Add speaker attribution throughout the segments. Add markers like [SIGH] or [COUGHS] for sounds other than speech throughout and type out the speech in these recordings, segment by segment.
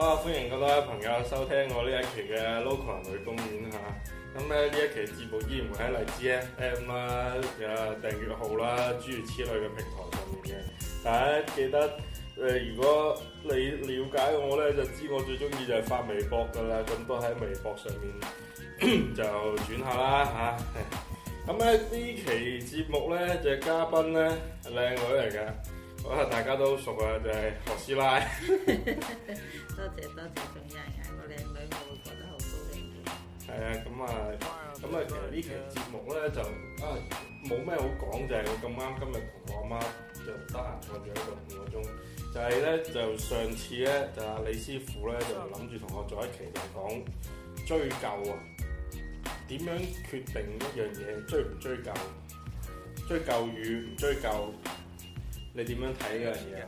Speaker 1: 好啊！歡迎各位朋友收聽我呢一期嘅《Local 人類公園》吓。咁咧呢一期節目依然會喺荔枝 FM 啦，啊訂閱號啦，諸如此類嘅平台上面嘅。大、啊、家記得誒、呃，如果你了解我咧，就知我最中意就係發微博噶啦。咁都喺微博上面就轉下啦吓。咁、啊、咧、啊啊、呢期節目咧就係嘉賓咧係靚女嚟噶。啊！大家都熟啊，就係何師奶。多謝會會 [LAUGHS] [LAUGHS] 多謝，仲有人嗌我靚女，
Speaker 2: 我會覺會
Speaker 1: 得好高興。係啊、嗯，咁啊，咁啊，其實呢期節目咧就啊冇咩好講，今今就係我咁啱今日同我阿媽就唔得閒坐咗一個五個鐘，就係、是、咧就上次咧就阿李師傅咧就諗住同我做一期就講追究啊，點樣決定一樣嘢追唔追究？追究與唔追究？追究你點樣睇呢樣嘢啊？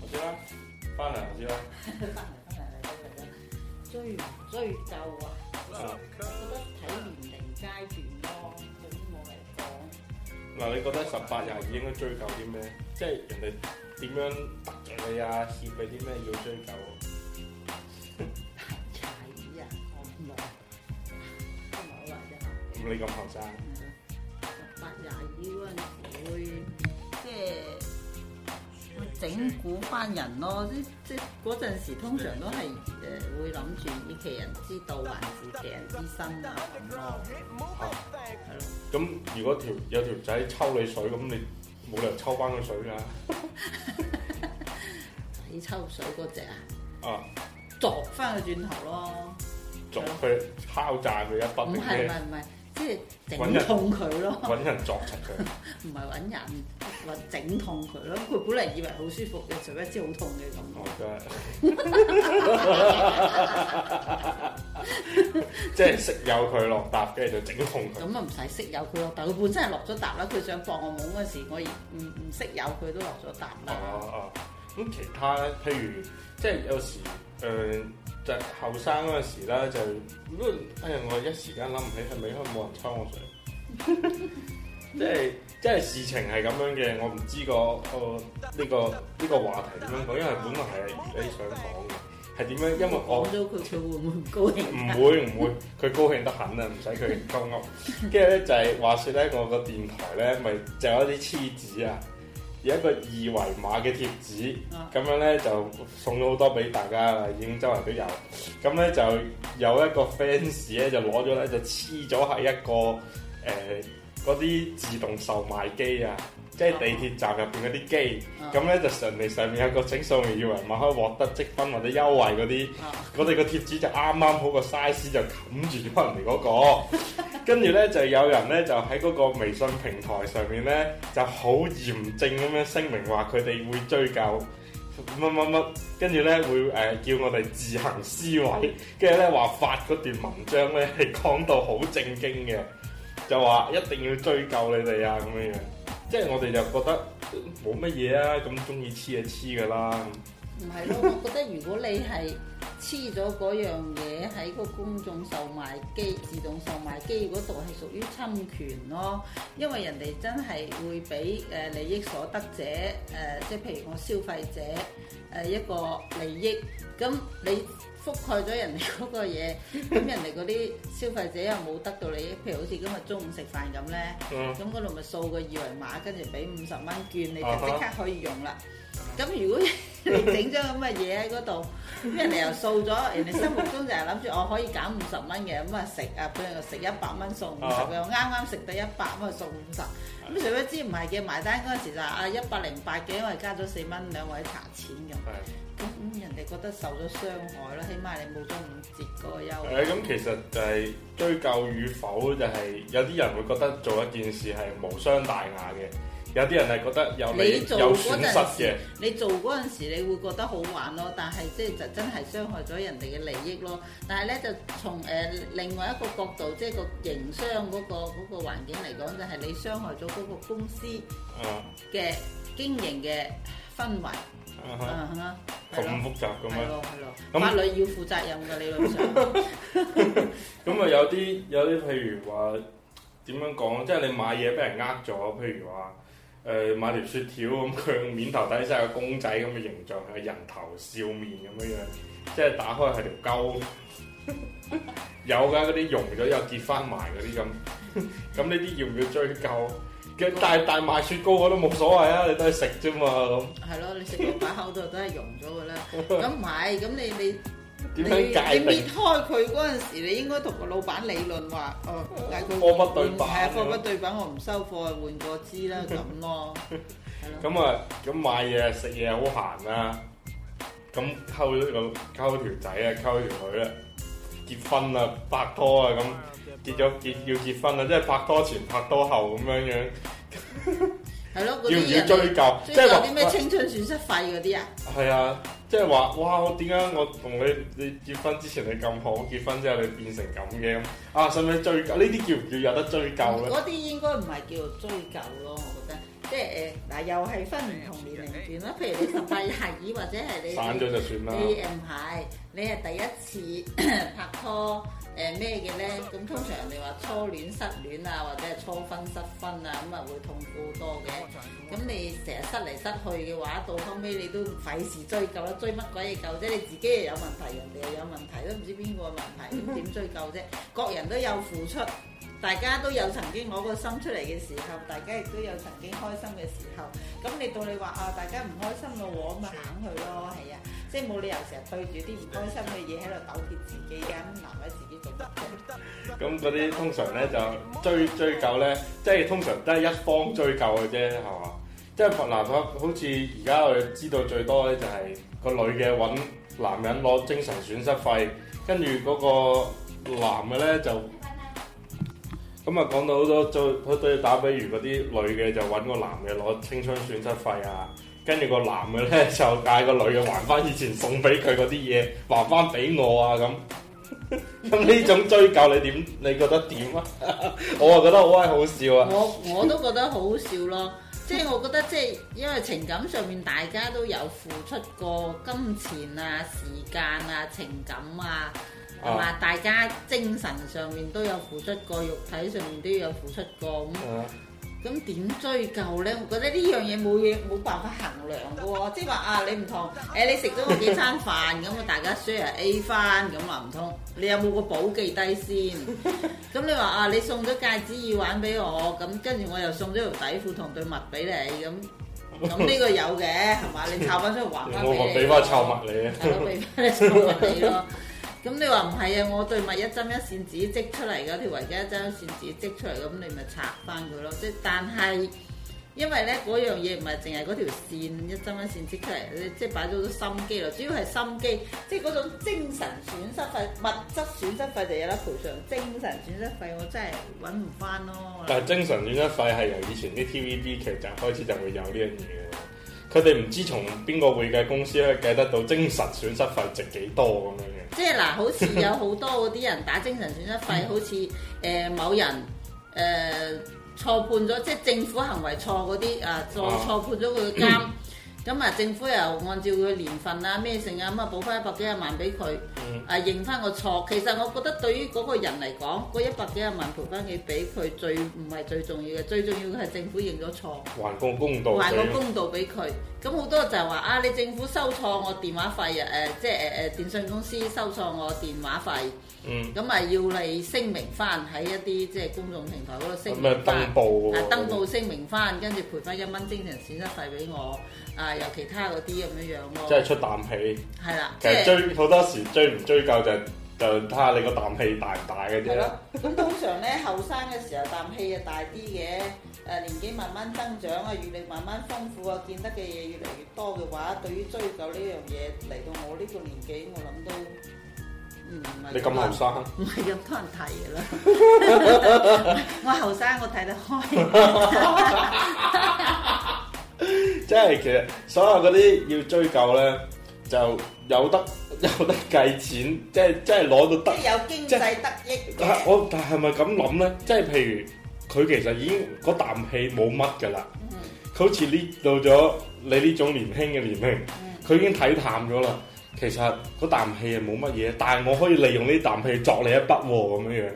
Speaker 1: 我知啦，翻嚟我知啦。翻嚟翻嚟嚟嚟嚟，追追究啊！我
Speaker 2: 覺得睇
Speaker 1: 年齡階段咯，對於我嚟講。嗱、啊，你覺得十八廿二應該追究啲咩？即係人哋點樣得罪你啊？欠你啲咩要追究？廿 [LAUGHS] 二啊，我唔耐，我唔耐啫。唔理咁後生。
Speaker 2: 整蠱翻人咯，即即嗰陣時通常都係誒會諗住以其人之道還治其人之身啊咁咯。嚇，
Speaker 1: 咁如果條有條仔抽你水咁，你冇理由抽翻個水㗎、啊。要
Speaker 2: [LAUGHS] 抽水嗰隻啊？啊！鑿翻佢轉頭咯。鑿
Speaker 1: 佢敲詐佢一筆。唔係唔係
Speaker 2: 唔係。即係整痛佢咯，揾人作痛佢，唔係揾人，話 [LAUGHS] 整痛佢咯。佢本嚟以為好舒服嘅，誰不知好痛嘅咁。
Speaker 1: 即係識有佢落答，跟住就整痛佢。
Speaker 2: 咁啊唔使識有佢咯，但佢本身係落咗答啦。佢想放我懵嗰、 [LAUGHS] [NOISE] [NOISE] 嗯、時，我唔唔識有佢都落咗答啦。
Speaker 1: 咁其他譬如即係有時誒。就後生嗰陣時啦，就都哎呀！我一時間諗唔起係咪因為冇人抽我水， [LAUGHS] 即係即係事情係咁樣嘅。我唔知、呃個誒呢個呢個話題點樣講，因為本來係你想講嘅，係點樣？因為我講
Speaker 2: 咗佢，佢會唔會高興、啊？唔會唔
Speaker 1: 會，佢高興得很、就是就是、啊！唔使佢鳩噏。跟住咧就係話説咧，我個電台咧咪就有一啲黐子啊。有一個二維碼嘅貼紙，咁樣咧就送咗好多俾大家喇，已經周圍都有。咁咧就有一個 fans 咧就攞咗咧就黐咗喺一個誒嗰啲自動售賣機啊。即係地鐵站入邊嗰啲機，咁咧、uh huh。就上面上面有個整數，以為咪可以獲得積分或者優惠嗰啲，我哋個貼紙就啱啱好個 size 就冚住咗人哋、那、嗰個，跟住咧就有人咧就喺嗰個微信平台上面咧就好嚴正咁樣聲明話，佢哋會追究乜乜乜，跟住咧會誒、呃、叫我哋自行撕毀，跟住咧話發嗰段文章咧係講到好正經嘅，就話一定要追究你哋啊咁樣。即係我哋就覺得冇乜嘢啊，咁鍾意黐就黐㗎啦。
Speaker 2: 唔係咯，我覺得如果你係黐咗嗰樣嘢喺個公眾售賣機、自動售賣機嗰度，係屬於侵權咯。因為人哋真係會俾誒利益所得者誒、呃，即係譬如我消費者誒、呃、一個利益，咁你。覆蓋咗人哋嗰個嘢，咁 [LAUGHS] 人哋嗰啲消費者又冇得到你，譬如好似今日中午食飯咁咧，咁嗰度咪掃個二維碼，跟住俾五十蚊券，你就即刻可以用啦。咁 [LAUGHS] 如果你整咗咁嘅嘢喺嗰度，咁 [LAUGHS] 人哋又掃咗，人哋心目中就係諗住我可以減五十蚊嘅，咁啊食啊，俾人食一百蚊送五十嘅，我啱啱食得一百蚊送五十，咁誰不知唔係嘅，埋單嗰陣時就啊一百零八嘅，因為加咗四蚊，兩位茶錢咁。覺得受咗傷害咯，起碼你冇咗五折嗰個優惠。咁，嗯，其
Speaker 1: 實就係追究與否，就係，就係有啲人會覺得做一件事係無傷大雅嘅，有啲人係覺得有有做損失嘅。
Speaker 2: 你做嗰陣時，你會覺得好玩咯，但係即係就真係傷害咗人哋嘅利益咯。但係呢，就從誒另外一個角度，即係個營商嗰個嗰個環境嚟講，就係你傷害咗嗰個公司嘅經營嘅氛圍。啊哈！咁複雜咁樣，法律、uh huh. 麼要負責任噶你老
Speaker 1: 實。咁 [LAUGHS] 啊 [LAUGHS] 有啲有啲譬如話點樣講，即係你買嘢俾人呃咗，譬如話誒、呃、買條雪條咁佢面頭底晒個公仔咁嘅形狀，係人頭笑面咁嘅樣，即係打開係條溝。 [LAUGHS] 有噶嗰啲溶咗又結翻埋嗰啲咁，咁呢啲要唔要追究？佢大大賣雪糕我都冇所謂啊！你都係食啫嘛咁。係咯，你食完
Speaker 2: 擺喺度都係溶咗嘅啦。
Speaker 1: 咁唔係，咁你你你你撇
Speaker 2: 開佢嗰陣時，你應該同個老闆理論話，哦，嗌佢換。貨不對版。係啊，貨不對版，我唔收貨，換個支啦咁咯。
Speaker 1: 咁啊，咁買嘢食嘢好閒啦。咁溝咗個溝咗條仔啊，溝咗條女啦，結婚啦，拍拖啊咁。結咗結要結婚啦，即係拍拖前拍拖後咁樣樣，
Speaker 2: 係 [LAUGHS] 咯，要唔要追究？即係話有啲咩青春損失費嗰啲啊？
Speaker 1: 係啊，即係話哇，我點解我同你你結婚之前你咁好，結婚之後你變成咁嘅咁啊？使唔使追究？呢啲叫唔叫有得追究咧？嗰
Speaker 2: 啲應該唔係叫做追究咯，我覺得，即係誒嗱，又係分唔同年齡段啦。譬如你十八或者係你散咗就算啦。D 唔係你係第一次咳咳拍拖。誒咩嘅咧？咁、呃、通常人哋話初戀失戀啊，或者係初婚失婚啊，咁啊會痛苦多嘅。咁 [LAUGHS] 你成日失嚟失去嘅話，到後尾你都費事追究啦，追乜鬼嘢究啫？你自己又有問題，人哋又有問題，都唔知邊個問題，咁點追究啫？ [LAUGHS] 各人都有付出，大家都有曾經攞個心出嚟嘅時候，大家亦都有曾經開心嘅時候。咁你到你話啊，大家唔開心啦喎，咁咪行去咯，係啊。
Speaker 1: 即係冇理由成日對住啲唔開心嘅嘢喺度糾結自己㗎，那個、男嘅自己做得。咁嗰啲通常咧就追追究咧，即係通常都係一方追究嘅啫，係嘛？即係男嘅好似而家我哋知道最多咧，就係個女嘅揾男人攞精神損失費，跟住嗰個男嘅咧就咁啊，講到好多最好多打比如嗰啲女嘅就揾個男嘅攞青春損失費啊。跟住個男嘅咧，就嗌個女嘅還翻以前送俾佢嗰啲嘢，還翻俾我啊咁。
Speaker 2: 咁
Speaker 1: 呢 [LAUGHS] 種追究你點？你覺得點啊？ [LAUGHS] 我啊覺得好係好笑啊！我
Speaker 2: 我都覺得好笑咯，即係我覺得即係因為情感上面大家都有付出過金錢啊、時間啊、情感啊，同埋、啊、大家精神上面都有付出過，肉體上面都有付出過咁。啊嗯咁點追究咧？我覺得呢樣嘢冇嘢冇辦法衡量嘅喎，即係話啊，你唔同，誒、哎、你食咗我幾餐飯咁啊，大家 share A 翻咁話唔通？你有冇個保記低先？咁你話啊，你送咗戒指耳環俾我，咁跟住我又送咗條底褲同對襪俾你，咁咁呢個有嘅係嘛？你摷翻出去還翻俾你。我翻臭襪你俾翻 [LAUGHS] 你臭
Speaker 1: 襪你咯。
Speaker 2: [LAUGHS] 咁你話唔係啊？我對物一針一線自己織出嚟嗰條圍巾，一針一線自己織出嚟，咁你咪拆翻佢咯。即係，但係因為咧嗰樣嘢唔係淨係嗰條線一針一線織出嚟，你即係擺咗好多心機咯。主要係心機，即係嗰種精神損失費、物質損失費就有得賠償。精神損失費我真係揾唔翻咯。但係
Speaker 1: 精神損失費係由以前啲 TVB 劇集開始就會有呢樣嘢。佢哋唔知從邊個會計公司去計得到精神損失費值幾多咁樣
Speaker 2: 嘅， [LAUGHS] 即係嗱，好似有好多嗰啲人打精神損失費， [LAUGHS] 好似誒、呃、某人誒、呃、錯判咗，即係政府行為錯嗰啲啊，錯錯判咗佢個監。啊 [COUGHS] 咁啊，嗯、政府又按照佢年份啊咩性啊，咁啊補翻一百幾廿萬俾佢，嗯、啊認翻個錯。其實我覺得對於嗰個人嚟講，嗰一百幾廿萬賠翻佢俾佢最唔係最重要嘅，最重要嘅係政府認咗錯，
Speaker 1: 還個公道，還個公道
Speaker 2: 俾佢。咁好多就係話啊！你政府收錯我電話費啊！誒、呃，即係誒誒電信公司收錯我電話費。
Speaker 1: 嗯。咁
Speaker 2: 咪要你聲明翻喺一啲即係公眾平台嗰度聲明翻。登報喎、啊。登報聲明翻，跟住賠翻一蚊精神損失費俾我、呃。啊，由其他嗰啲咁樣樣咯。即係出
Speaker 1: 啖氣。係啦的。其實追好多時追唔追究就係、就睇、係、下你個啖氣大唔大嘅啫。係咯。
Speaker 2: 咁通常咧後生嘅時候啖氣啊大啲嘅。誒年紀慢慢增長啊，閱歷慢慢豐富啊，見得嘅嘢越嚟越多嘅話，對於追究呢樣嘢嚟到我呢個年紀，我諗都唔係。你咁後生，唔係咁多人睇嘅啦。我後
Speaker 1: 生，我睇得開。 [LAUGHS] [LAUGHS] [LAUGHS] 即係其實所有嗰啲要追究咧，就有得有得計錢，即係即係攞到得，
Speaker 2: 即係有經濟得益。
Speaker 1: 我但係咪咁諗咧？即係譬如。佢其實已經嗰啖氣冇乜嘅啦，佢、mm hmm. 好似呢到咗你呢種年輕嘅年輕，佢、mm hmm. 已經睇淡咗啦。其實嗰啖氣係冇乜嘢，但係我可以利用呢啖氣作你一筆喎咁樣樣，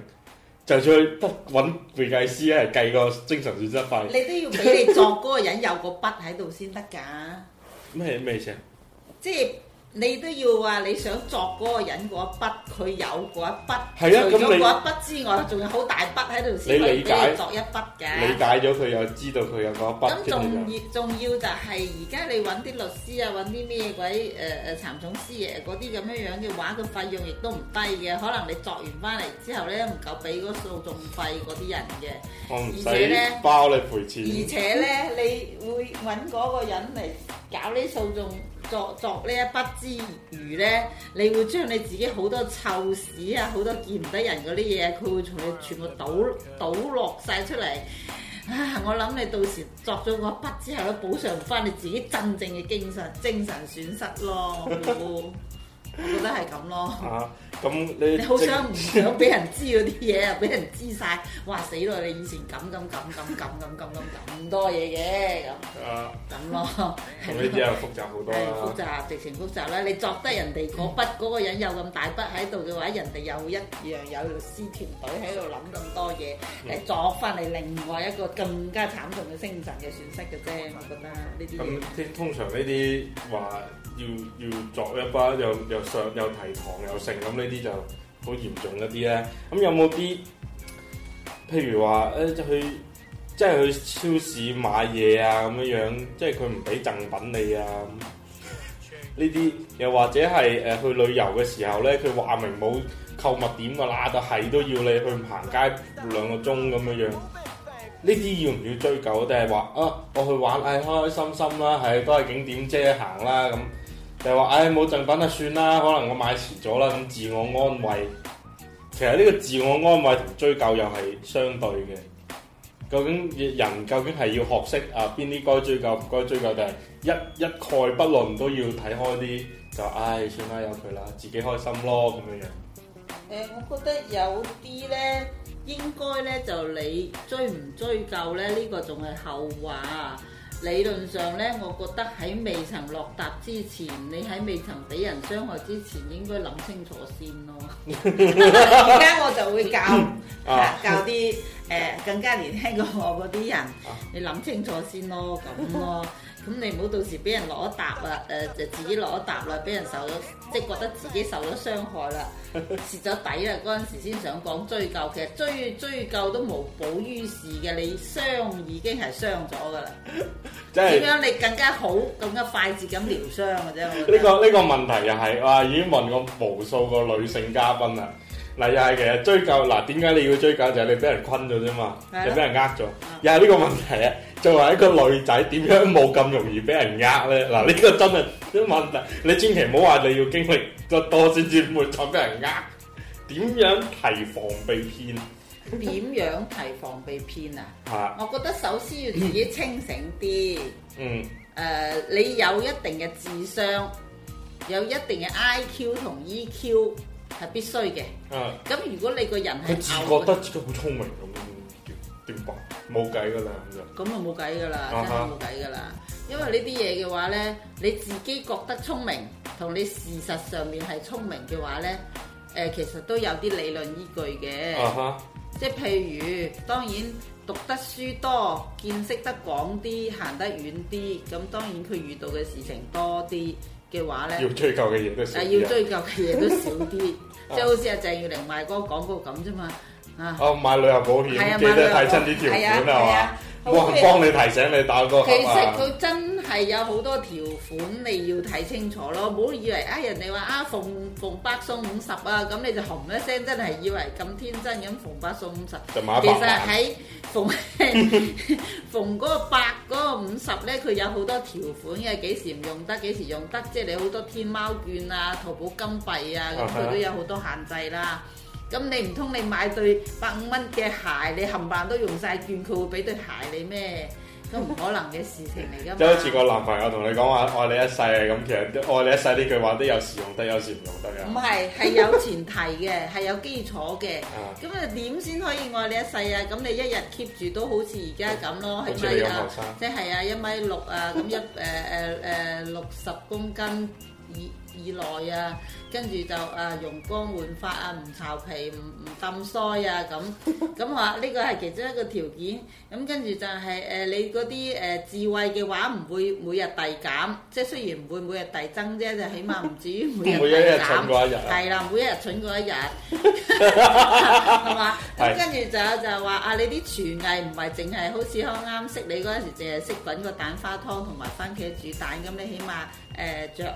Speaker 1: 就算、去算不揾會計師一係計個精神損失費，你
Speaker 2: 都要俾你作嗰個人 [LAUGHS] 有個筆喺度先得㗎。
Speaker 1: 咩咩意思？即
Speaker 2: 係。你都要話你想作嗰個人嗰一筆，佢有嗰一筆，除咗嗰一筆之外，仲有好大筆喺度先可以作一筆嘅。理
Speaker 1: 解咗佢又知道佢有嗰一筆。咁仲、嗯、要
Speaker 2: 仲要就係而家你揾啲律師啊，揾啲咩鬼誒誒殘聰師爺嗰啲咁樣樣嘅話，佢、嗰個、費用亦都唔低嘅。可能你作完翻嚟之後咧，唔夠俾嗰訴訟費嗰啲人嘅。而且
Speaker 1: 唔使包你賠錢。 [LAUGHS] 而且咧，
Speaker 2: 你會揾嗰個人嚟搞呢訴訟。作作呢一筆之餘呢，你會將你自己好多臭屎啊，好多見唔得人嗰啲嘢，佢會從你全部倒倒落晒出嚟。唉，我諗你到時作咗嗰筆之後，都補償翻你自己真正嘅精神精神損失咯。 [LAUGHS] 覺得係咁咯。啊，
Speaker 1: 咁你你好想唔想俾
Speaker 2: 人知嗰啲嘢啊？俾人知曬，哇死咯！你以前咁咁咁咁咁咁咁咁多嘢嘅咁，
Speaker 1: 咁咯。呢啲又複雜好多啦。複雜，
Speaker 2: 直情複雜啦。你作得人哋嗰筆嗰個人有咁大筆喺度嘅話，人哋又一樣有律師團隊喺度諗咁多嘢，嚟作翻嚟另外一個更加慘重嘅精神嘅損失嘅啫。我覺得呢啲咁啲
Speaker 1: 通常呢啲話。要要作一筆又又上又提堂又剩咁呢啲就好嚴重一啲咧。咁有冇啲譬如話誒，去即係去超市買嘢啊咁樣樣，即係佢唔俾贈品你啊。咁呢啲又或者係誒去旅遊嘅時候咧，佢話明冇購物點噶啦，就係都要你去行街兩個鐘咁樣樣。呢啲要唔要追究？定係話啊，我去玩誒開、哎、開心心啦、啊，誒、哎、都係景點啫行啦、啊、咁。就話，唉，冇贈品啊，算啦，可能我買遲咗啦，咁自我安慰。其實呢個自我安慰同追究又係相對嘅。究竟人究竟係要學識啊，邊啲該追究唔該追究，定係一一概不論都要睇開啲？就唉，算啦，由佢啦，自己開心咯咁樣樣。
Speaker 2: 誒，我覺得有啲呢，應該呢，就你追唔追究呢？呢、呢個仲係後話。理論上咧，我覺得喺未曾落達之前，你喺未曾俾人傷害之前，應該諗清楚先咯。而 [LAUGHS] 家我就會教、啊、教啲誒、呃、更加年輕過我嗰啲人，你諗清楚先咯，咁咯。咁你唔好到時俾人攞一沓啊！誒、呃，就自己攞一沓啦，俾人受咗，即係覺得自己受咗傷害啦，蝕咗 [LAUGHS] 底啦，嗰陣時先想講追究，其實追追究都無補於事嘅，你傷已經係傷咗噶啦。
Speaker 1: 點樣是
Speaker 2: 你更加好，更加快捷咁療傷嘅啫？呢、這個
Speaker 1: 呢、這個問題又係哇，已經問過無數個女性嘉賓啦。嗱又係其實追究嗱，點解你要追究？就係、是、你俾人困咗啫嘛，啊、又俾人呃咗，啊、又係呢個問題啊！ [LAUGHS] 作為一個女仔，點樣冇咁容易俾人呃呢？嗱，呢個真係啲問題，你千祈唔好話你要經歷得多先至唔會再俾人呃。點樣提防被騙？
Speaker 2: 點樣提防被騙啊？ [LAUGHS] 我覺得首先要自己清醒啲。嗯。誒，你有一定嘅智商，有一定嘅 I Q 同 E Q 係必須嘅。啊。咁如果你個人係，自覺得
Speaker 1: 自己好聰明咁。冇計
Speaker 2: 噶啦，咁就，咁啊冇計噶啦，huh. 真係冇計噶啦。因為呢啲嘢嘅話咧，你自己覺得聰明，同你事實上面係聰明嘅話咧，誒、呃、其實都有啲理論依據嘅。Uh huh. 即係譬如，當然讀得書多，見識得廣啲，行得遠啲，咁當然佢遇到嘅事情多啲。嘅話咧，要追究
Speaker 1: 嘅嘢都少啲，要追究
Speaker 2: 嘅嘢都少啲，即係 [LAUGHS] 好似阿鄭月玲賣嗰個廣告咁啫嘛，啊
Speaker 1: 哦、啊、買旅遊保險，啊、記得睇親啲條款啊係嘛？
Speaker 2: 我 Okay.
Speaker 1: 幫你提醒你大哥，啊。其實佢
Speaker 2: 真係有好多條款你要睇清楚咯，唔好以為啊人哋話啊逢逢百送五十啊，咁、啊、你就熊一聲真係以為咁天真咁逢八送五十，就其實喺逢逢嗰個百五十咧，佢有好多條款嘅，幾時唔用得幾時，時用得，即係你好多天貓券啊、淘寶金幣啊，咁佢都有好多限制啦。咁你唔通你買對百五蚊嘅鞋，你冚唪唥都用晒券，佢會俾對鞋你咩？咁唔可能嘅事情嚟噶。就好似
Speaker 1: 個男朋友同你講話愛你一世咁，其實愛你一世呢句話都有時用得，有時唔用得噶。唔
Speaker 2: 係係有前提嘅，係 [LAUGHS] 有基礎嘅。咁啊點先可以愛你一世啊？咁你一日 keep 住都好似而家咁咯，係咪啊？即係啊，米六，一米六啊，咁一誒誒誒六十公斤以以內啊。跟住就啊，容光煥發啊，唔巢皮，唔唔冧腮啊咁。咁話呢個係其中一個條件。咁跟住就係、是、誒、呃，你嗰啲誒智慧嘅話唔會每日遞減，即係雖然唔會每日遞增啫，就起碼唔至於每日遞減。係啦，每一日蠢過一日。係 [LAUGHS] 嘛？ [LAUGHS] 咁跟住就就係話啊，你啲廚藝唔係淨係好似啱啱識你嗰陣時，淨係識滾個蛋花湯同埋番茄煮蛋咁，你起碼誒、呃、著。著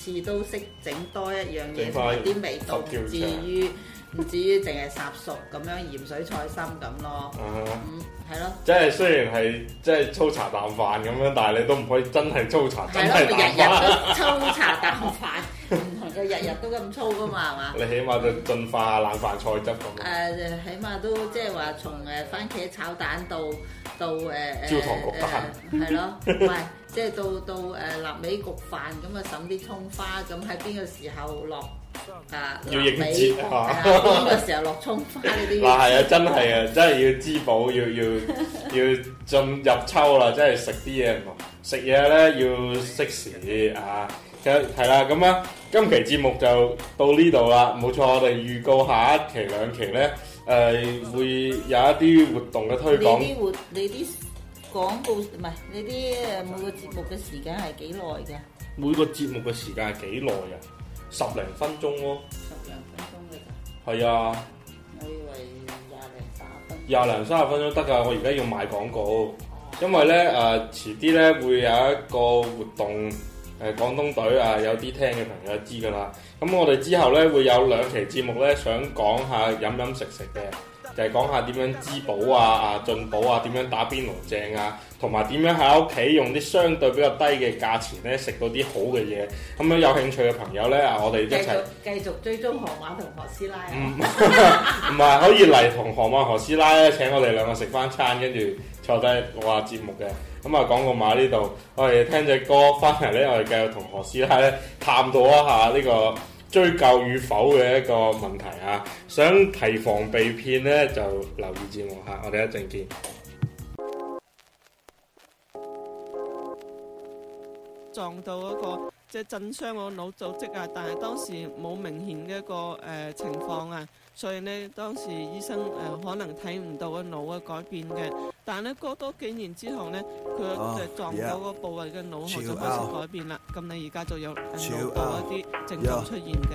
Speaker 2: 次都識整多一樣嘢啲味道，乖乖至於唔 [LAUGHS] 至於淨係烚熟咁樣鹽水菜心咁咯，咁係咯。
Speaker 1: 即、huh. 係、嗯、雖然係即係粗茶淡飯咁樣，但係你都唔可以真係粗茶真係淡飯。係咯，日日都
Speaker 2: 粗茶淡飯，日日 [LAUGHS] 都咁粗噶嘛，係嘛？你
Speaker 1: 起碼就進化冷飯菜汁咁。誒、嗯
Speaker 2: 呃，起碼都即係話從誒番茄炒蛋到到誒誒誒焦糖焗蛋，係咯，唔、呃 [LAUGHS] [LAUGHS] 即係到到誒臘、呃、味焗飯咁啊，揼啲葱花咁喺邊個時候落啊？要迎接係啊！邊個時候落葱花嗰啲？嗱係啊，真係
Speaker 1: 啊，真係要滋補， [LAUGHS] 要要要進入秋啦，真係食啲嘢，食嘢咧要適時啊。其實係啦，咁啊，今期節目就到呢度啦。冇錯，我哋預告下一期兩期咧，誒、呃、會有一啲活動嘅推廣。你啲活，
Speaker 2: 你啲。
Speaker 1: 廣告唔係，你啲每個節目嘅時間係幾耐嘅？每個節目嘅時間係幾耐、哦、啊？十零分鐘咯。十零分鐘嘅。係啊。我以為廿零卅分，廿零卅分鐘得㗎，我而家要賣廣告。啊、因為咧誒、呃，遲啲咧會有一個活動，誒、呃、廣東隊啊，有啲聽嘅朋友知㗎啦。咁我哋之後咧會有兩期節目咧，想講下飲飲食食嘅。就係講下點樣滋補啊、啊進補啊，點樣打邊爐正啊，同埋點樣喺屋企用啲相對比較低嘅價錢咧，食到啲好嘅嘢。咁樣有興趣嘅朋友咧啊，我哋一齊繼，繼續追蹤
Speaker 2: 韓馬何馬
Speaker 1: 同何師奶。唔係可以嚟同何馬何師奶咧請我哋兩個食翻餐，跟住坐低錄下節目嘅。咁啊講到馬呢度，我哋聽隻歌翻嚟咧，我哋繼續同何師奶咧探討一下呢、呢個。追究與否嘅一個問題啊！想提防被騙咧，就留意節目嚇，我哋一陣見。
Speaker 2: [NOISE] [NOISE] 撞到嗰個即係震傷我腦組織啊，但係當時冇明顯嘅一個誒、呃、情況啊，所以呢，當時醫生誒、呃、可能睇唔到個腦嘅改變嘅。但咧過多
Speaker 3: 幾年之後咧，佢就、oh, 撞到個 yeah. 部位嘅腦海就開始改變啦。咁你而家就有有腦部一啲症狀出現緊。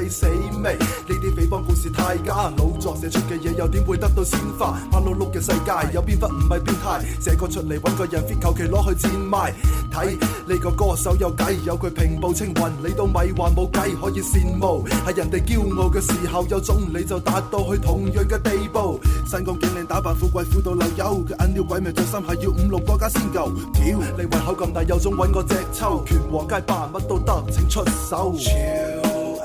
Speaker 3: 你死未？呢啲匪幫故事太假，老作寫出嘅嘢又點會得到鮮花？眼碌碌嘅世界有邊忽唔係變態？寫個出嚟揾個人 fit，求其攞去賤賣。睇呢個歌手有計有佢平步青雲，你都咪話冇計可以羨慕。係人哋驕傲嘅時候，有種你就達到去同樣嘅地步。身光頸靚，打扮富貴，富到流油，嘅眼料鬼味，著衫係要五六個家先夠。屌、嗯、你胃口咁大，有種揾個隻抽，拳王街霸乜都得，請出手。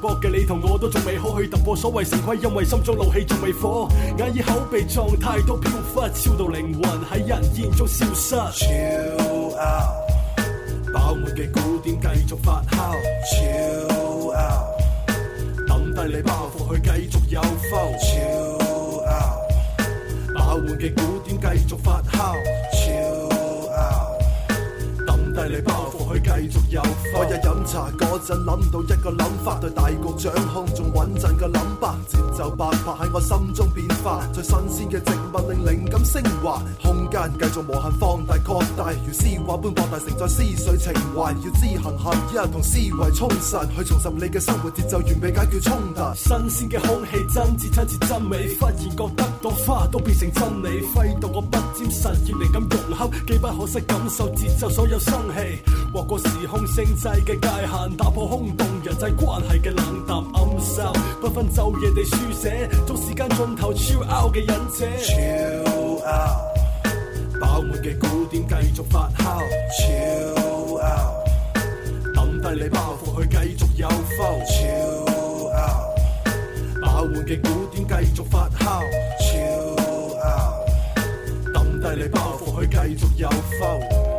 Speaker 4: 搏嘅你同我都仲未可去突破所謂成規，因為心中怒氣仲未火，眼耳口鼻狀態都飄忽，超到靈魂喺人煙中消失。Chill out，飽滿嘅古典繼續發酵。Chill out，抌低你包袱去繼續有風。Chill out，飽滿嘅古。
Speaker 3: 飲茶嗰陣諗到一個諗法，對大局掌控仲穩陣嘅諗法，節奏百拍喺我心中變化，最新鮮嘅植物令靈感升華，空間繼續無限放大擴大，如詩畫般博大，盛載思緒情懷，要知行合一，同思維充實，去重拾你嘅生活節奏，完美解決衝突。新鮮嘅空氣
Speaker 4: 真摯親切，真美，忽然覺得朵花都變成真理，揮動我不沾實驗，靈感融合，機不可失感受節奏所有生氣，劃過時空星際。嘅界限打破空洞，人際關係嘅冷淡暗哨不分晝夜地書寫，做時間盡頭超 out 嘅忍者。超 ill out，飽滿嘅古典繼續發酵。超 ill out，揼低你包袱去繼續有否？超 ill out，飽滿嘅古典繼續發酵。超 ill out，揼低你包袱去繼續有否？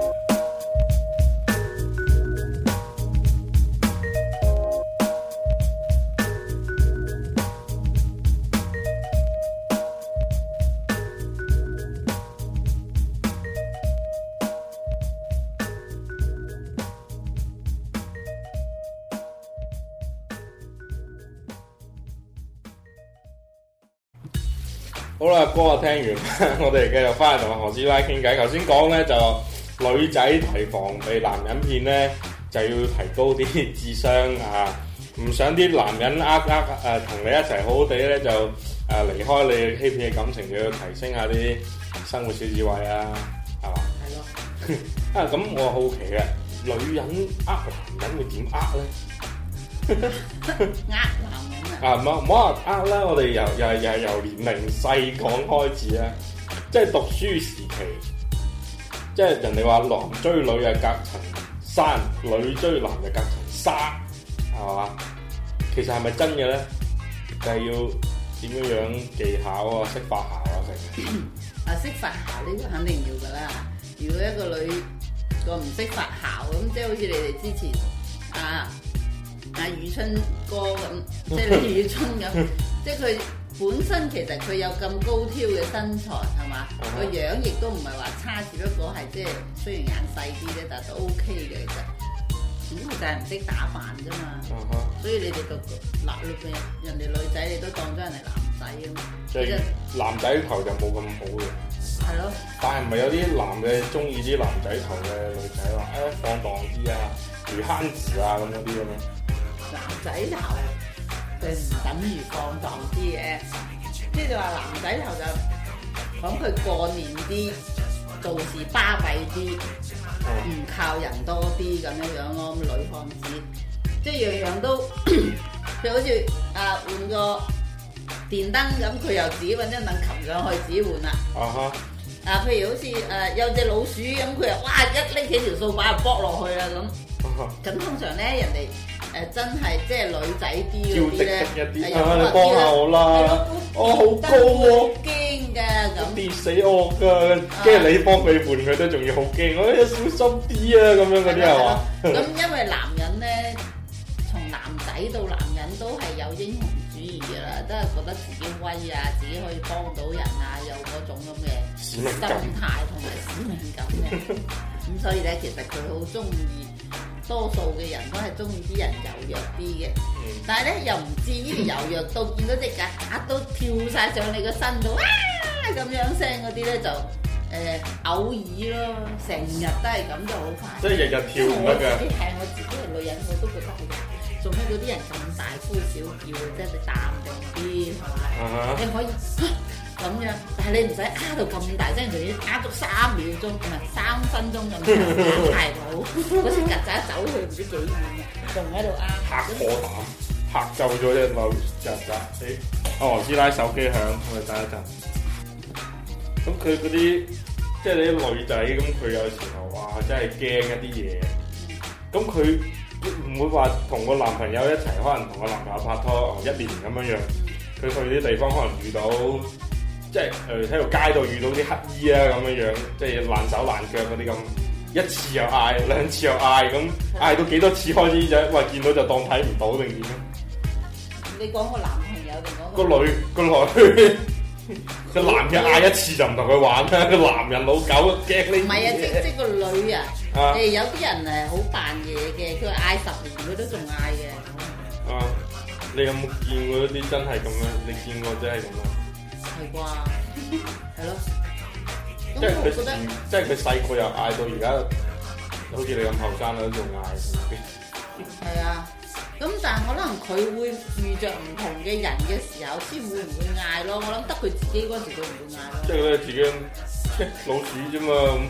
Speaker 1: 聽完，我哋繼續翻去同何師奶傾偈。頭先講咧，就女仔提防被男人騙咧，就要提高啲智商啊！唔想啲男人呃、呃誒同你一齊好好地咧，就誒離開你欺騙嘅感情，就要提升下啲生活小智慧啊，係嘛？係咯。啊咁，我好奇嘅女人呃男人會點呃咧？啊，唔好話呃啦！我哋由又係又係由年齡細講開始咧， [NOISE] 即係讀書時期，即係人哋話狼追女係隔層山，女追男係隔層沙，係嘛？其實係咪真嘅咧？就係、是、要點樣樣技巧啊，識發姣啊成。 [NOISE] 啊，識發姣呢啲肯定要噶
Speaker 2: 啦！如果一個女個唔識發姣，咁即係好似你哋之前啊。阿宇春哥咁，即係李宇春咁， [LAUGHS] 即係佢本身其實佢有咁高挑嘅身材，係嘛，個、uh huh. 樣亦都唔係話差，只不過係即係雖然眼細啲咧，但都 O K 嘅其實，主要就係唔識打扮咋嘛，所以你哋讀立力嘅人哋女仔，你都當咗人哋男仔啊嘛，即係
Speaker 1: 男仔頭就冇咁好嘅，係咯的，但係唔係有啲男嘅中意啲男仔頭嘅女仔話，誒放蕩啲啊，如慳子
Speaker 2: 啊咁嗰啲咁。男仔頭就唔等於放蕩啲嘅，即係話男仔頭就講佢過年啲做事巴閉啲，唔靠人多啲咁樣樣咯。咁女漢子即係樣樣都，譬如好似啊換個電燈咁，佢又自己一者能擒上去自己換啦。啊啊，譬如好似誒有隻老鼠咁，佢啊哇一拎起條掃把就搏落去啦咁。咁、uh huh. 通常咧，人哋。真係即係女仔啲嗰啲
Speaker 1: 咧，滴滴你幫下我啦！我好高喎、啊，
Speaker 2: 驚㗎咁跌
Speaker 1: 死我㗎、啊，跟住、啊、你幫佢換佢都仲要好驚，我、哎、要小心啲啊咁樣嗰啲係嘛？
Speaker 2: 咁 [LAUGHS] 因為男人咧，從男仔到男人都係有英雄主義㗎啦，都係覺得自己威啊，自己可以幫到人啊，有嗰種咁嘅心態同埋使命感。咁所以咧，其實佢好中意，多數嘅人都係中意啲人柔弱啲嘅，但係咧又唔至於柔弱到見到隻架都跳晒上你個身度啊咁、啊、樣聲嗰啲咧就誒、呃、偶爾咯，成日都係咁就好快。即係日日跳啊！噶，係我自己係女人，我都覺得係，做咩嗰啲人咁大呼小叫，你淡定啲係咪？Uh huh. 你可以。啊咁樣，但係你唔使
Speaker 1: 呃到咁大聲，仲要呃足三秒鐘，唔係三分鐘咁樣，大佬嗰啲曱甴走， [LAUGHS] 去唔知幾遠，仲喺度啊！嚇破膽，嚇夠咗一隻曱甴！哎、欸，哦，師奶手機響，我哋等一陣。咁佢嗰啲，即係你啲女仔咁，佢有時候話，真係驚一啲嘢。咁佢唔會話同個男朋友一齊，可能同個男朋友拍拖一年咁樣樣，佢去啲地方可能遇到。即係誒，喺條街度遇到啲乞衣啊，咁樣樣，即係爛手爛腳嗰啲咁，一次又嗌，兩次又嗌，咁嗌到幾多次開始就，喂，見到就當睇唔到定點咧？你講個男朋友定講個女個女？個男嘅嗌一次就唔同佢玩啦，個男人老狗驚你。唔係啊，即即個女啊，誒，有啲人誒好扮
Speaker 2: 嘢嘅，佢嗌十年佢都仲嗌
Speaker 1: 嘅。啊，你有冇見過一啲真係咁樣？你見過真係咁啊？係啩，係咯，即係佢，即係佢細個又嗌到而家，好似你咁後生啦，仲嗌。
Speaker 2: 係啊，咁但係可能佢會遇着唔同嘅人嘅時候，先會唔會嗌咯？我諗得佢自己嗰
Speaker 1: 時唔會嗌咯。即係佢自己老鼠啫嘛。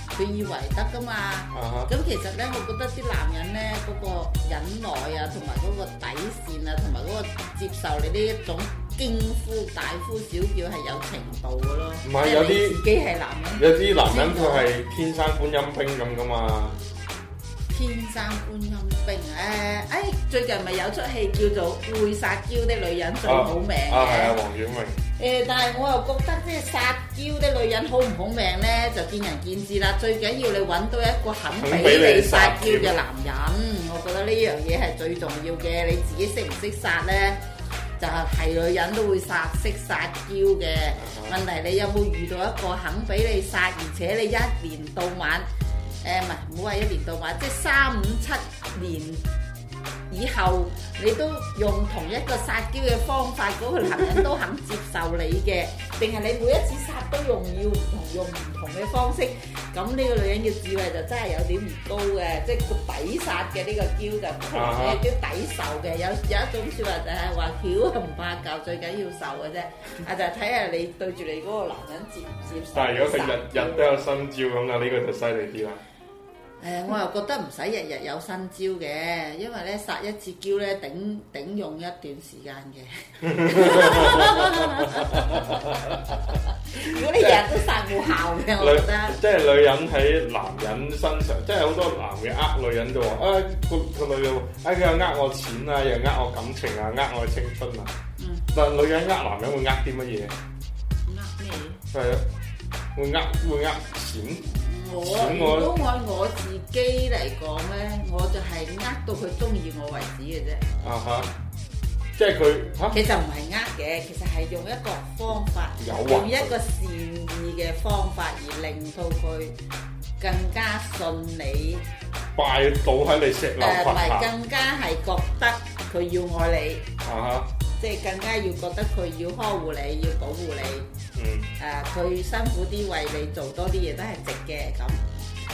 Speaker 2: 佢以為得噶嘛？咁其實咧，我覺得啲男人咧，嗰個忍耐啊，同埋嗰個底線啊，同埋嗰個接受你呢一種驚呼大呼小叫係有程度噶
Speaker 1: 咯。唔係有啲，
Speaker 2: 有啲男人佢係
Speaker 1: 天生觀音兵咁噶嘛。
Speaker 2: 天生觀音兵，誒誒，最近咪有出戲叫做《會撒嬌的女人最好命》嘅。啊，係啊黃曉明。誒，但係我又覺得即係撒嬌啲女人好唔好命呢？就見仁見智啦。最緊要你揾到一個肯俾你撒嬌嘅男人，我覺得呢樣嘢係最重要嘅。你自己識唔識撒呢？就係、係、女人都會撒，識撒嬌嘅。問題，你有冇遇到一個肯俾你撒，而且你一年到晚，誒唔係唔好話一年到晚，即係三五七年。以後你都用同一個撒嬌嘅方法，嗰、那個男人都肯接受你嘅，定係你每一次撒都用要唔同用唔同嘅方式？咁呢個女人嘅智慧就真係有啲唔高嘅。即係佢抵撒嘅呢個嬌就唔同嘅，叫抵受嘅。有有一種說話就係話，巧唔怕教，最緊要受嘅啫。啊， [LAUGHS] 就睇下你對住你嗰個男人接唔接受。但係如果佢日日都有新招咁
Speaker 1: 啊，呢、這個就犀利啲啦。
Speaker 2: 誒，我又覺得唔使日日有新招嘅，因為咧殺一次蕉咧頂頂用一段時間嘅。如果你日日都殺冇效嘅，我
Speaker 1: 覺得即係女人喺男人身上，即係好多男嘅呃女人啫喎。啊，個個女嘅啊，佢又呃我錢啊，又呃我感情啊，呃我青春啊。嗯。但係女人呃男人會呃啲乜嘢？呃咩？係啊，會呃會呃錢。我如
Speaker 2: 果按我自己嚟講咧，我就係呃到佢鍾意我為止嘅啫。
Speaker 1: 啊哈！即係佢
Speaker 2: 嚇，其實唔係呃嘅，其實係用一個方法，用一個善意嘅方法而令到佢更加信你，
Speaker 1: 拜倒喺你石榴裙下，更
Speaker 2: 加係覺得佢要愛你。啊哈！即係更加要覺得佢要呵護你，要保護你。誒，佢、嗯啊、辛苦啲為你做多啲嘢,都係值嘅咁。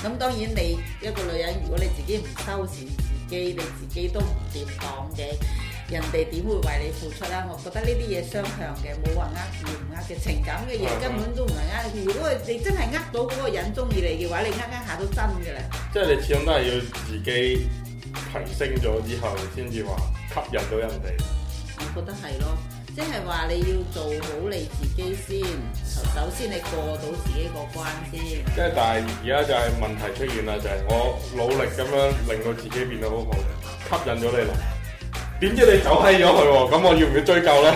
Speaker 2: 咁當然你一個女人，如果你自己唔收錢，自己你自己都唔掂講嘅，人哋點會為你付出啦？我覺得呢啲嘢雙向嘅，冇話呃錢唔呃嘅情感嘅嘢，根本都唔係呃。嗯、如果你真係呃到嗰個人中意你嘅話，你呃呃下都真嘅啦。
Speaker 1: 即係你始終都係要自己提升咗之後，先至話吸引到人哋。嗯、
Speaker 2: 我覺得係咯。即係
Speaker 1: 話你要做好你自己先，首先你過到自己個關先。即係，但係而家就係問題出現啦，就係、是、我努力咁樣令到自己變得好好，吸引咗你啦。點知你走閪咗佢喎？咁我要唔要追究咧？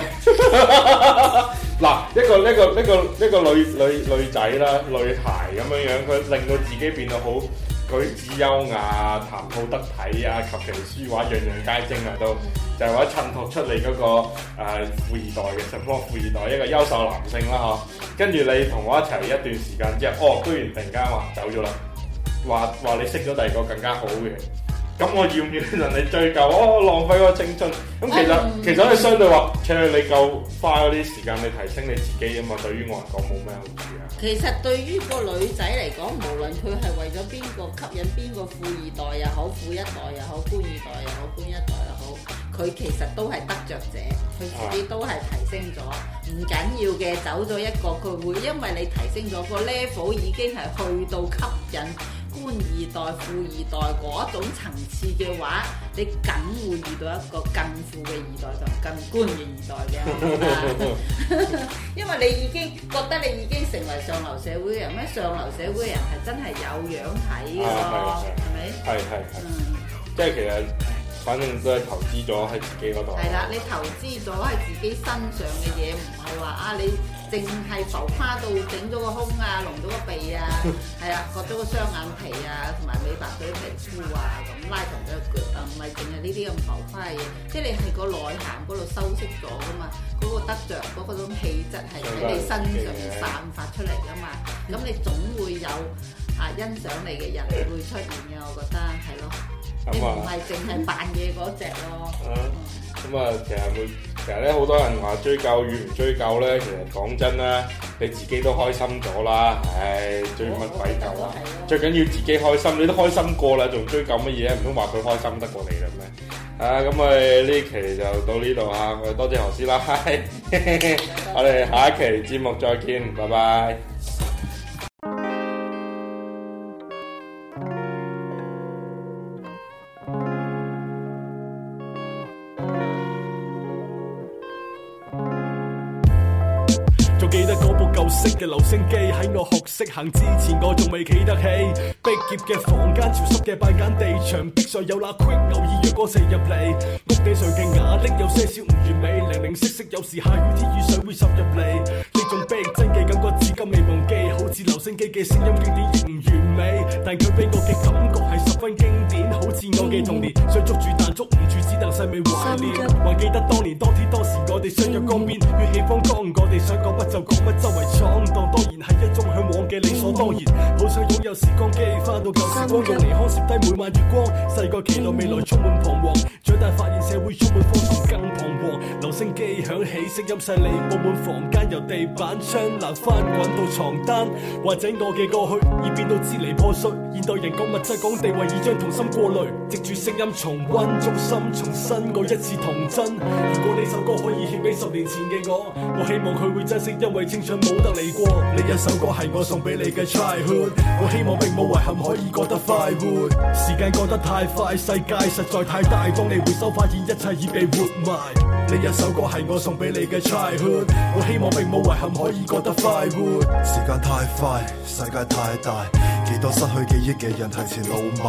Speaker 1: 嗱， [LAUGHS] 一個一個一個一個女女女仔啦，女孩咁樣樣，佢令到自己變到好。舉止優雅、啊、談吐得體啊，及其書畫、啊、樣樣皆精啊，都就係話襯托出你嗰、那個富、呃、二代嘅情況，富二代一個優秀男性啦、啊、嗬。跟、啊、住你同我一齊一段時間之後，哦，居然突然間話走咗啦，話話你識咗第二個更加好嘅。咁我要唔要人哋追究？我、哦、浪費我青春。咁其實、嗯、其實你相對話，請你夠花嗰啲時間，你提升你自己啊嘛。對於我嚟講冇咩好意
Speaker 2: 義啊。其實對於個女仔嚟講，無論佢係為咗邊個吸引邊個富二代又好，富一代又好，官二代又好，官一代又好，佢其實都係得着者，佢自己都係提升咗。唔、啊、緊要嘅，走咗一個佢會，因為你提升咗個 level 已經係去到吸引。官二代、富二代嗰種層次嘅話，你梗會遇到一個更富嘅二代，同更官嘅二代嘅， [LAUGHS] [LAUGHS] 因為你已經覺得你已經成為上流社會嘅人咩？上流社會嘅人係真係有樣睇嘅咯，係咪、
Speaker 1: 啊？係係係，嗯，即係其實，反正都係投資咗喺自己嗰度。係
Speaker 2: 啦，你投資咗喺自己身上嘅嘢，唔係話啊你。淨係浮誇到整咗個胸啊，隆咗個鼻啊，係 [LAUGHS] 啊，割咗個雙眼皮啊，同埋美白咗啲皮膚啊，咁拉同佢個腳啊，唔係淨係呢啲咁浮誇嘅嘢，即係你係個內涵嗰度修飾咗噶嘛，嗰、嗰個得着嗰嗰種氣質係喺你身上面散發出嚟噶嘛，咁你總會有啊欣賞你嘅人會出現嘅，我覺得係咯，嗯、你唔係淨係扮嘢嗰隻是隻咯。
Speaker 1: 咁啊、嗯，其實會。嗯嗯嗯其實咧，好多人話追究與唔追究咧，其實講真啦，你自己都開心咗啦，唉，追乜鬼究啊？最緊要自己開心，你都開心過啦，仲追究乜嘢？唔通話佢開心得過你啦咩？啊，咁我哋呢期就到呢度吓，我哋多謝何師奶，我哋下一期節目再見，拜拜。
Speaker 4: 學識行之前，我仲未企得起。逼仄嘅房間，潮濕嘅拜間地，牆壁上有那 quick 偶爾約過四入嚟。屋頂上嘅瓦礫有些少唔完美，零零熄熄，有時下雨天雨水會滲入嚟。呢種逼真嘅感覺至今未忘記，好似留聲機嘅聲音經典，亦唔完美，但佢俾我嘅感覺係十分經典。我嘅童年，想捉住但捉唔住，只能細味懷念。還記得當年當天當時，我哋相約江邊，血氣方剛，我哋想講乜就講乜，周圍闖蕩當然係一種向往嘅理所當然。好想擁有時光機，翻到舊時光，用尼康攝低每晚月光。細個期待未來充滿彷徨，長大發現社會充滿荒唐更彷徨。留聲機響起，聲音細膩佈滿房間，由地板、窗檯翻滾到床單。或者我嘅過去已變到支離破碎，現代人講物質講地位，已將童心過濾。藉住聲音重温，中心重新，過一次童真。如果呢首歌可以獻俾十年前嘅我，我希望佢會珍惜，因為青春冇得離過。呢一首歌係我送俾你嘅 Childhood，我希望並冇遺憾可以過得快活。時間過得太快，世界實在太大，當你回首發現一切已被活
Speaker 3: 埋。呢一首歌係我送俾你嘅 Childhood，我希望並冇遺憾可以過得快活。時間太快，世界太大。幾多失去記憶嘅人提前老邁？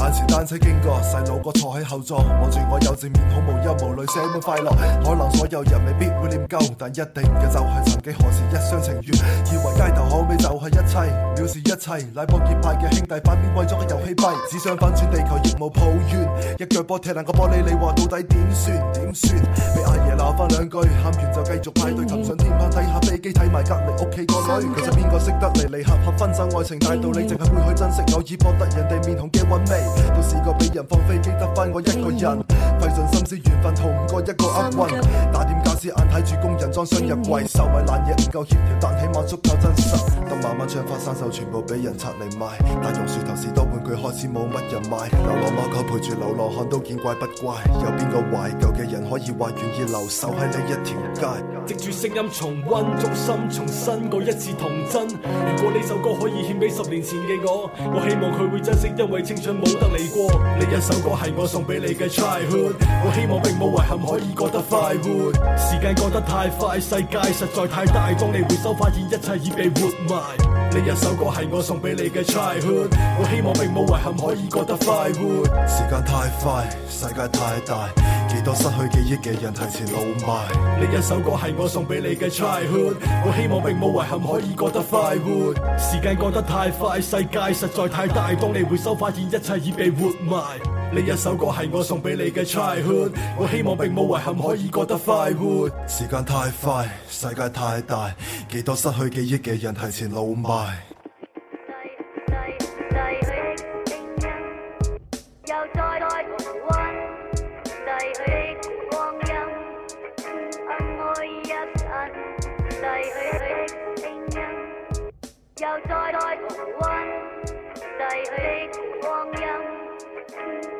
Speaker 3: 眼前單車經過，細路哥坐喺後座，望住我幼稚面孔無憂無慮寫滿快樂。可能所有人未必會念舊，但一定嘅就係曾經何時一廂情願，以為街頭巷尾就係一切藐視一切。拉幫結派嘅兄弟反面為咗遊戲幣，只想翻轉地球亦冇抱怨。一腳波踢爛個玻璃，你話到底點算點算？被阿爺鬧翻兩句，喊完就繼續派對，擒上天棚睇下飛機，睇埋隔離屋企個女。其實邊個識得離離合合，分手愛情大道理。會去珍惜我已博得人哋面紅嘅韻味，都試過俾人放飛機得翻我一個人，費盡心思緣份逃唔過一個厄運。打點傢俬眼睇住工人裝箱入櫃，收埋爛嘢唔夠協調，但起碼足夠真實。等晚晚將花生秀，全部俾人拆嚟賣。但用樹頭士多半佢開始冇乜人買，流浪貓狗陪住流浪漢都見怪不怪。有邊個懷舊嘅人可以話願意留守喺呢一條街？
Speaker 4: 藉住聲音重温，中心重新過一次童真。如果呢首歌可以獻俾十年前。我，希望佢會珍惜，因為青春冇得嚟過。呢 [MUSIC] 一首歌係我送俾你嘅 Childhood 我希望並冇遺憾可以過得快活。時間過得太快，世界實在太大，當你回收發現一切
Speaker 3: 已被活埋。呢一首歌係我送俾你嘅 Childhood 我希望並冇遺憾可以過得快活。時間太快，世界太大。幾多失去記憶嘅人提前老邁？呢一首歌係我送俾你嘅 Childhood，我希望並冇遺憾
Speaker 4: 可以過得快活。時間過得太快，世界實在太大，當你回收發現
Speaker 3: 一切已被活埋。呢一首歌係我送俾你嘅 Childhood，我希望並冇遺憾可以過得快活。時間太快，世界太大，幾多失去記憶嘅人提前老邁？